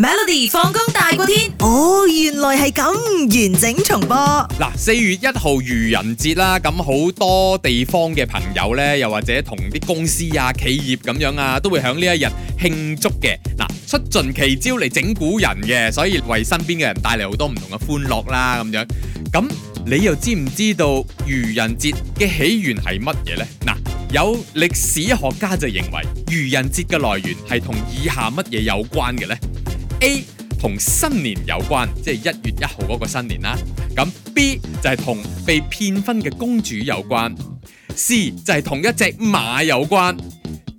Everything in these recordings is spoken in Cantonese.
Melody 放工大過天，哦，原來係咁完整重播。嗱，四月一號愚人節啦，咁好多地方嘅朋友呢，又或者同啲公司啊、企業咁樣啊，都會響呢一日慶祝嘅。嗱，出盡奇招嚟整蠱人嘅，所以為身邊嘅人帶嚟好多唔同嘅歡樂啦。咁樣，咁你又知唔知道愚人節嘅起源係乜嘢呢？嗱，有歷史學家就認為愚人節嘅來源係同以下乜嘢有關嘅呢？A 同新年有關，即係一月一號嗰個新年啦。咁 B 就係同被騙婚嘅公主有關，C 就係同一隻馬有關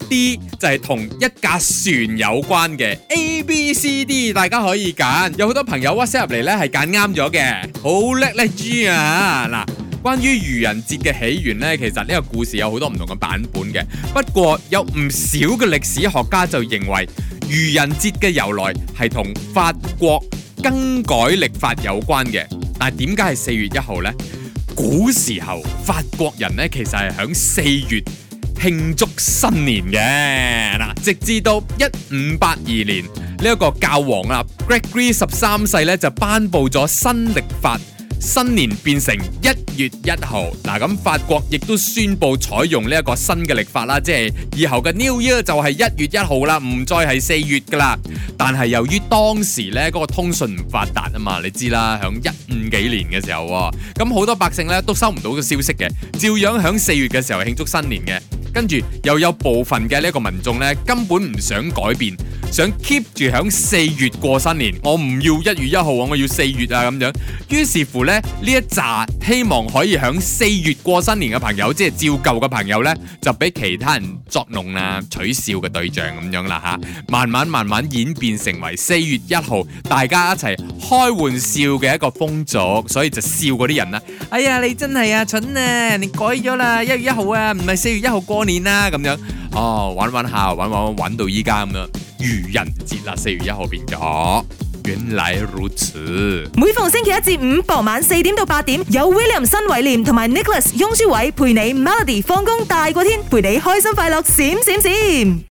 ，D 就係同一架船有關嘅。A、B、C、D 大家可以揀，有好多朋友 WhatsApp 入嚟呢係揀啱咗嘅，好叻叻豬啊！嗱，啊，關於愚人節嘅起源呢，其實呢個故事有好多唔同嘅版本嘅，不過有唔少嘅歷史學家就認為。愚人節嘅由來係同法國更改歷法有關嘅，但係點解係四月一號呢？古時候法國人呢，其實係響四月慶祝新年嘅，嗱，直至到一五八二年呢一個教皇啊 Gregory 十三世呢，就頒布咗新歷法。新年變成一月一號，嗱咁法國亦都宣布採用呢一個新嘅曆法啦，即係以後嘅 New Year 就係一月一號啦，唔再係四月噶啦。但係由於當時呢個通訊唔發達啊嘛，你知啦，響一五幾年嘅時候，咁好多百姓呢都收唔到個消息嘅，照樣響四月嘅時候慶祝新年嘅。跟住又有部分嘅呢個民眾咧，根本唔想改變，想 keep 住響四月過新年。我唔要一月一號啊，我要四月啊咁樣，於是乎咧，呢一紮希望可以響四月過新年嘅朋友，即係照舊嘅朋友咧，就俾其他人作弄啦、啊、取笑嘅對象咁樣啦吓、啊，慢慢慢慢演變成為四月一號，大家一齊開玩笑嘅一個風俗，所以就笑啲人啦。哎呀，你真係啊蠢啊！你改咗啦，一月一號啊，唔係四月一號過。每年啦咁樣，哦，玩玩下，玩玩玩玩到依家咁樣，愚人節啦，四月一號變咗，原來如此。每逢星期一至五傍晚四點到八點，有 William 新偉廉同埋 Nicholas 雍書偉陪你 Melody 放工大過天，陪你開心快樂閃閃閃。